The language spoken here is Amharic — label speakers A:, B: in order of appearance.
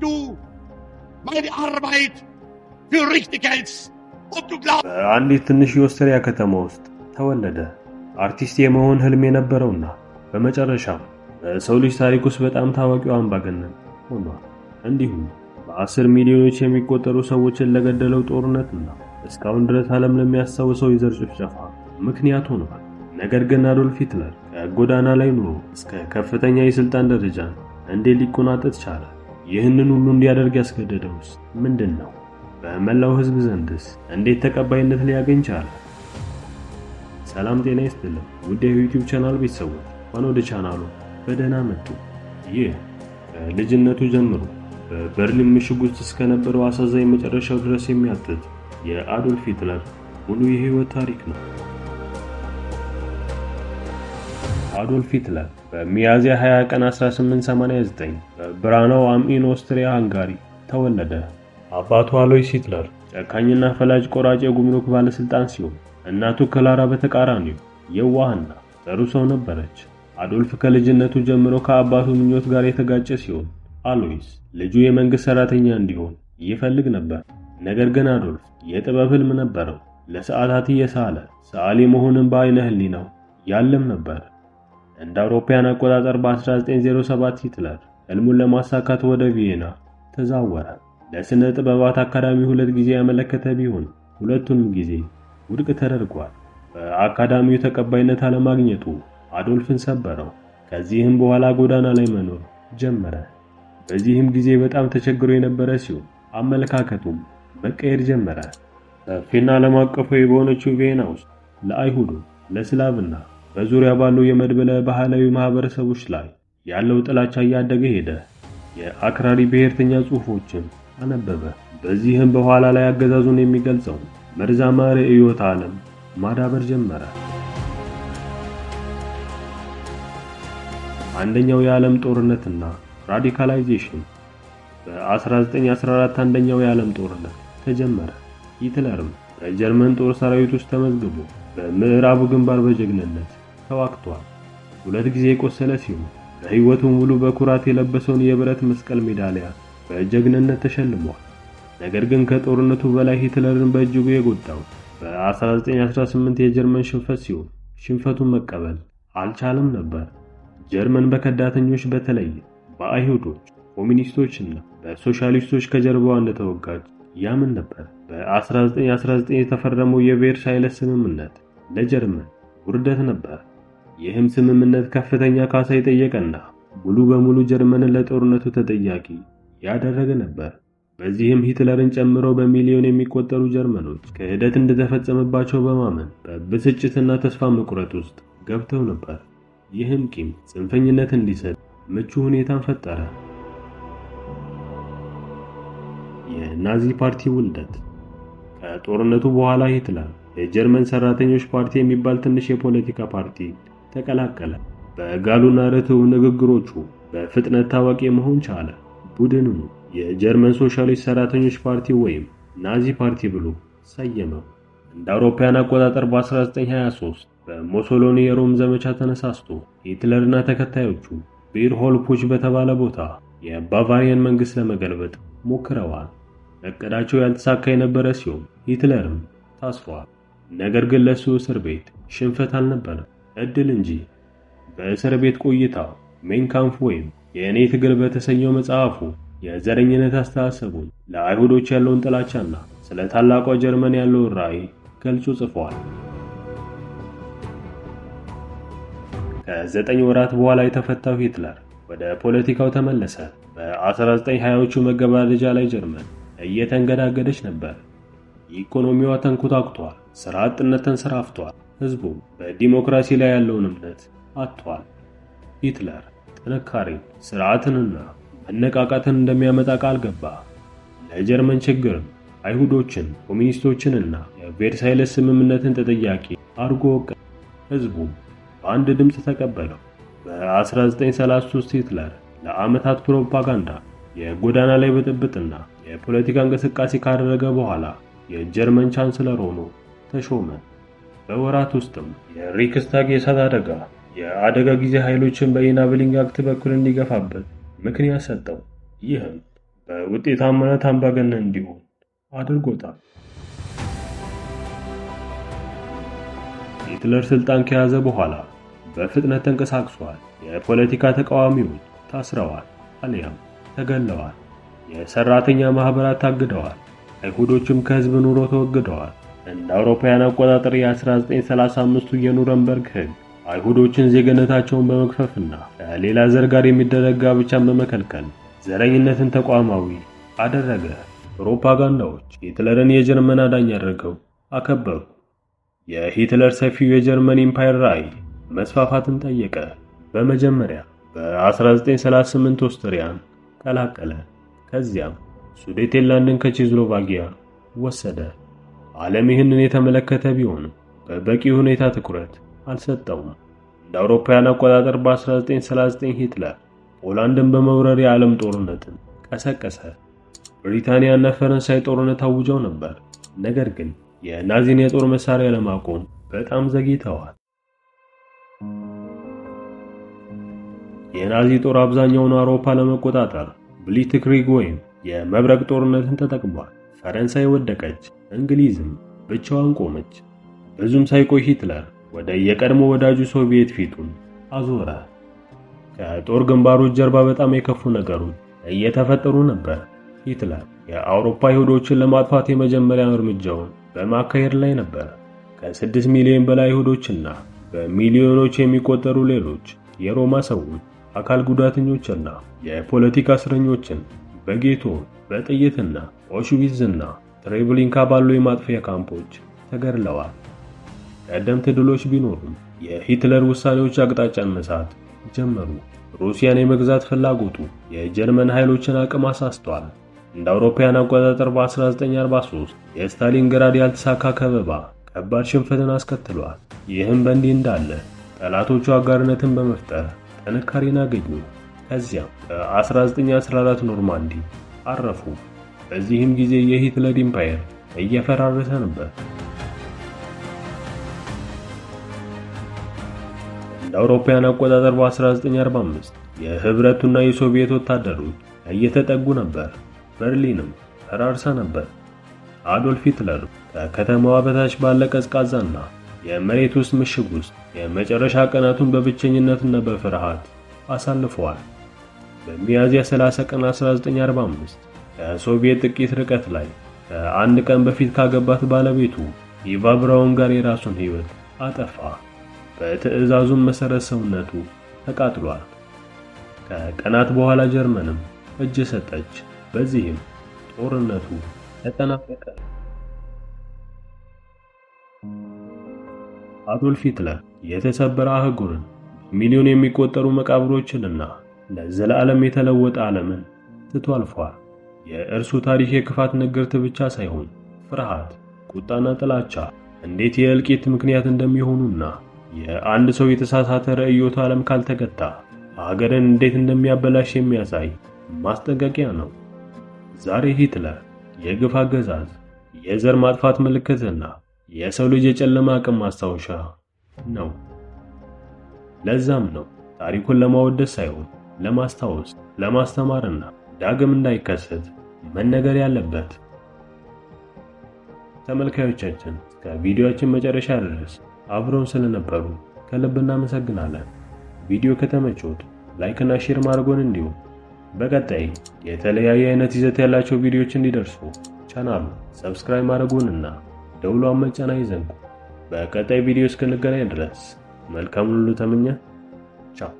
A: du meine Arbeit für richtig hältst
B: und du glaubst በአንዲት ትንሽ የኦስትሪያ ከተማ ውስጥ ተወለደ። አርቲስት የመሆን ህልም የነበረውና በመጨረሻም በሰው ልጅ ታሪክ ውስጥ በጣም ታዋቂው አምባገነን ሆኗል። እንዲሁም በአስር ሚሊዮኖች የሚቆጠሩ ሰዎችን ለገደለው ጦርነትና እስካሁን ድረስ ዓለም ለሚያስታውሰው የዘር ጭፍጨፋ ምክንያት ሆኗል። ነገር ግን አዶልፍ ሂትለር ከጎዳና ላይ ኑሮ እስከ ከፍተኛ የስልጣን ደረጃ እንዴት ሊቆናጠጥ ቻለ? ይህንን ሁሉ እንዲያደርግ ያስገደደውስ ምንድን ነው? በመላው ሕዝብ ዘንድስ እንዴት ተቀባይነት ሊያገኝ ቻለ? ሰላም ጤና ይስጥልን ውድ የዩቲዩብ ቻናል ቤተሰቦች እንኳን ወደ ቻናሉ በደህና መጡ። ይህ ከልጅነቱ ጀምሮ በበርሊን ምሽግ ውስጥ እስከነበረው አሳዛኝ መጨረሻው ድረስ የሚያትት የአዶልፍ ሂትለር ሙሉ የህይወት ታሪክ ነው። አዶልፍ ሂትለር በሚያዝያ 20 ቀን 1889 በብራናው አምኢን ኦስትሪያ ሃንጋሪ ተወለደ። አባቱ አሎይስ ሂትለር ጨካኝና ፈላጅ ቆራጭ የጉምሩክ ባለስልጣን ሲሆን እናቱ ክላራ በተቃራኒው የዋህና ጥሩ ሰው ነበረች። አዶልፍ ከልጅነቱ ጀምሮ ከአባቱ ምኞት ጋር የተጋጨ ሲሆን አሎይስ ልጁ የመንግስት ሰራተኛ እንዲሆን ይፈልግ ነበር። ነገር ግን አዶልፍ የጥበብ ህልም ነበረው። ለሰዓታት እየሳለ ሰዓሊ መሆንን በዓይነ ነው ያለም ነበር። እንደ አውሮፓውያን አቆጣጠር በ1907 ሂትለር ሕልሙን ለማሳካት ወደ ቪየና ተዛወረ። ለስነ ጥበባት አካዳሚ ሁለት ጊዜ ያመለከተ ቢሆን ሁለቱንም ጊዜ ውድቅ ተደርጓል። በአካዳሚው ተቀባይነት አለማግኘቱ አዶልፍን ሰበረው። ከዚህም በኋላ ጎዳና ላይ መኖር ጀመረ። በዚህም ጊዜ በጣም ተቸግሮ የነበረ ሲሆን አመለካከቱም መቀየር ጀመረ። ሰፊና ዓለም አቀፋዊ በሆነችው ቪየና ውስጥ ለአይሁዱ፣ ለስላብና በዙሪያ ባሉ የመድብለ ባህላዊ ማህበረሰቦች ላይ ያለው ጥላቻ እያደገ ሄደ። የአክራሪ ብሔርተኛ ጽሑፎችን አነበበ። በዚህም በኋላ ላይ አገዛዙን የሚገልጸው መርዛማ ርዕዮተ ዓለም ማዳበር ጀመረ። አንደኛው የዓለም ጦርነትና ራዲካላይዜሽን በ1914 አንደኛው የዓለም ጦርነት ተጀመረ። ሂትለርም በጀርመን ጦር ሰራዊት ውስጥ ተመዝግቦ በምዕራቡ ግንባር በጀግንነት ተዋግቷል። ሁለት ጊዜ የቆሰለ ሲሆን በሕይወቱ ሙሉ በኩራት የለበሰውን የብረት መስቀል ሜዳሊያ በጀግንነት ተሸልሟል። ነገር ግን ከጦርነቱ በላይ ሂትለርን በእጅጉ የጎዳው በ1918 የጀርመን ሽንፈት ሲሆን ሽንፈቱን መቀበል አልቻለም ነበር። ጀርመን በከዳተኞች በተለይ በአይሁዶች፣ ኮሚኒስቶች እና በሶሻሊስቶች ከጀርባዋ እንደተወጋጅ ያምን ነበር። በ1919 የተፈረመው የቬርሳይለስ ስምምነት ለጀርመን ውርደት ነበር። ይህም ስምምነት ከፍተኛ ካሳ የጠየቀና ሙሉ በሙሉ ጀርመንን ለጦርነቱ ተጠያቂ ያደረገ ነበር። በዚህም ሂትለርን ጨምሮ በሚሊዮን የሚቆጠሩ ጀርመኖች ክህደት እንደተፈጸመባቸው በማመን በብስጭትና ተስፋ መቁረጥ ውስጥ ገብተው ነበር። ይህም ቂም ጽንፈኝነት እንዲሰጥ ምቹ ሁኔታን ፈጠረ። የናዚ ፓርቲ ውልደት ከጦርነቱ በኋላ ሂትለር የጀርመን ሰራተኞች ፓርቲ የሚባል ትንሽ የፖለቲካ ፓርቲ ተቀላቀለ። በጋሉና ርትው ንግግሮቹ በፍጥነት ታዋቂ መሆን ቻለ። ቡድኑ የጀርመን ሶሻሊስት ሰራተኞች ፓርቲ ወይም ናዚ ፓርቲ ብሎ ሰየመው። እንደ አውሮፓውያን አቆጣጠር በ1923 በሞሶሎኒ የሮም ዘመቻ ተነሳስቶ ሂትለርና ተከታዮቹ ቢርሆልፑች በተባለ ቦታ የባቫሪያን መንግስት ለመገልበጥ ሞክረዋል። እቅዳቸው ያልተሳካ የነበረ ሲሆን ሂትለርም ታስሯል። ነገር ግን ለሱ እስር ቤት ሽንፈት አልነበረም። እድል እንጂ። በእስር ቤት ቆይታው ሜንካምፍ ወይም የእኔ ትግል በተሰኘው መጽሐፉ የዘረኝነት አስተሳሰቡን ለአይሁዶች ያለውን ጥላቻና ስለ ታላቋ ጀርመን ያለውን ራዕይ ገልጾ ጽፏል። ከዘጠኝ ወራት በኋላ የተፈታው ሂትለር ወደ ፖለቲካው ተመለሰ። በ1920ዎቹ መገባደጃ ላይ ጀርመን እየተንገዳገደች ነበር። ኢኮኖሚዋ ተንኮታኩቷል። ስራ አጥነት ተንሰራፍቷል። ህዝቡ በዲሞክራሲ ላይ ያለውን እምነት አጥቷል። ሂትለር ጥንካሬን፣ ስርዓትንና መነቃቃትን እንደሚያመጣ ቃል ገባ። ለጀርመን ችግር አይሁዶችን፣ ኮሚኒስቶችንና የቬርሳይለስ ስምምነትን ተጠያቂ አድርጎ ወቀ ህዝቡም በአንድ ድምፅ ተቀበለው። በ1933 ሂትለር ለዓመታት ፕሮፓጋንዳ፣ የጎዳና ላይ ብጥብጥና የፖለቲካ እንቅስቃሴ ካደረገ በኋላ የጀርመን ቻንስለር ሆኖ ተሾመ። በወራት ውስጥም የሪክስታግ የእሳት አደጋ የአደጋ ጊዜ ኃይሎችን በኢናብሊንግ አክት በኩል እንዲገፋበት ምክንያት ሰጠው። ይህም በውጤታማነት አምባገነን እንዲሆን አድርጎታል። ሂትለር ስልጣን ከያዘ በኋላ በፍጥነት ተንቀሳቅሷል። የፖለቲካ ተቃዋሚዎች ታስረዋል አሊያም ተገለዋል። የሰራተኛ ማኅበራት ታግደዋል። አይሁዶችም ከሕዝብ ኑሮ ተወግደዋል። እንደ አውሮፓውያን አቆጣጠር የ1935ቱ የኑረንበርግ ህግ አይሁዶችን ዜግነታቸውን በመግፈፍና ከሌላ ዘር ጋር የሚደረግ ጋብቻን በመከልከል ዘረኝነትን ተቋማዊ አደረገ። ፕሮፓጋንዳዎች ሂትለርን የጀርመን አዳኝ አድርገው አከበሩ። የሂትለር ሰፊው የጀርመን ኢምፓየር ራዕይ መስፋፋትን ጠየቀ። በመጀመሪያ በ1938 ኦስትሪያን ቀላቀለ። ከዚያም ሱዴቴንላንድን ከቼዝሎቫኪያ ወሰደ። ዓለም ይህንን የተመለከተ ቢሆንም በበቂ ሁኔታ ትኩረት አልሰጠውም። እንደ አውሮፓውያን አቆጣጠር በ1939 ሂትለር ፖላንድን በመውረር የዓለም ጦርነትን ቀሰቀሰ። ብሪታንያ ፈረንሳይ ጦርነት አውጀው ነበር፣ ነገር ግን የናዚን የጦር መሳሪያ ለማቆም በጣም ዘግይተዋል። የናዚ ጦር አብዛኛውን አውሮፓ ለመቆጣጠር ብሊትክሪግ ወይም የመብረቅ ጦርነትን ተጠቅሟል። ፈረንሳይ ወደቀች። እንግሊዝም ብቻዋን ቆመች። ብዙም ሳይቆይ ሂትለር ወደ የቀድሞ ወዳጁ ሶቪየት ፊቱን አዞረ። ከጦር ግንባሮች ጀርባ በጣም የከፉ ነገሮች እየተፈጠሩ ነበር። ሂትለር የአውሮፓ ይሁዶችን ለማጥፋት የመጀመሪያ እርምጃውን በማካሄድ ላይ ነበር። ከስድስት ሚሊዮን በላይ ይሁዶችና በሚሊዮኖች የሚቆጠሩ ሌሎች የሮማ ሰዎች አካል ጉዳተኞችና የፖለቲካ እስረኞችን በጌቶ በጥይትና ኦሽዊዝና ትሬብሊንካ ባሉ የማጥፊያ ካምፖች ተገድለዋል። ቀደምት ድሎች ቢኖሩም የሂትለር ውሳኔዎች አቅጣጫን መሳት ጀመሩ። ሩሲያን የመግዛት ፍላጎቱ የጀርመን ኃይሎችን አቅም አሳስቷል። እንደ አውሮፓውያን አቆጣጠር በ1943 የስታሊንግራድ ያልተሳካ ከበባ ከባድ ሽንፈትን አስከትሏል። ይህም በእንዲህ እንዳለ ጠላቶቹ አጋርነትን በመፍጠር ጥንካሬን አገኙ። ከዚያም በ1914 ኖርማንዲ አረፉ። በዚህም ጊዜ የሂትለር ኢምፓየር እየፈራረሰ ነበር። እንደ አውሮፓውያን አቆጣጠር በ1945 የህብረቱና የሶቪየት ወታደሮች እየተጠጉ ነበር። በርሊንም ፈራርሳ ነበር። አዶልፍ ሂትለር ከከተማዋ በታች ባለ ቀዝቃዛና የመሬት ውስጥ ምሽግ ውስጥ የመጨረሻ ቀናቱን በብቸኝነትና በፍርሃት አሳልፈዋል። በሚያዝያ 30 ቀን 1945 ከሶቪየት ጥቂት ርቀት ላይ ከአንድ ቀን በፊት ካገባት ባለቤቱ ኢቫ ብራውን ጋር የራሱን ሕይወት አጠፋ። በትዕዛዙም መሠረት ሰውነቱ ተቃጥሏል። ከቀናት በኋላ ጀርመንም እጅ ሰጠች። በዚህም ጦርነቱ ተጠናቀቀ። አዶልፍ ሂትለር የተሰበረ አህጉርን ሚሊዮን የሚቆጠሩ መቃብሮችንና ለዘላለም የተለወጠ ዓለምን ትቶ አልፏል። የእርሱ ታሪክ የክፋት ንግርት ብቻ ሳይሆን ፍርሃት፣ ቁጣና ጥላቻ እንዴት የእልቂት ምክንያት እንደሚሆኑና የአንድ ሰው የተሳሳተ ርዕዮተ ዓለም ካልተገታ ሀገርን እንዴት እንደሚያበላሽ የሚያሳይ ማስጠንቀቂያ ነው። ዛሬ ሂትለር የግፍ አገዛዝ፣ የዘር ማጥፋት ምልክትና የሰው ልጅ የጨለማ አቅም ማስታወሻ ነው። ለዛም ነው ታሪኩን ለማወደስ ሳይሆን ለማስታወስ፣ ለማስተማርና ዳግም እንዳይከሰት መነገር ያለበት። ተመልካዮቻችን ከቪዲዮአችን መጨረሻ ድረስ አብረውን ስለነበሩ ከልብ እናመሰግናለን። ቪዲዮ ከተመቾት ላይክ እና ሼር ማድረጎን እንዲሁም በቀጣይ የተለያየ አይነት ይዘት ያላቸው ቪዲዮዎች እንዲደርሱ ቻናሉ ሰብስክራይብ ማድረጎንና ደውሏን መጫን አይዘንጉ። በቀጣይ ቪዲዮ እስክንገናኝ ድረስ መልካም ሁሉ ተመኘ። ቻው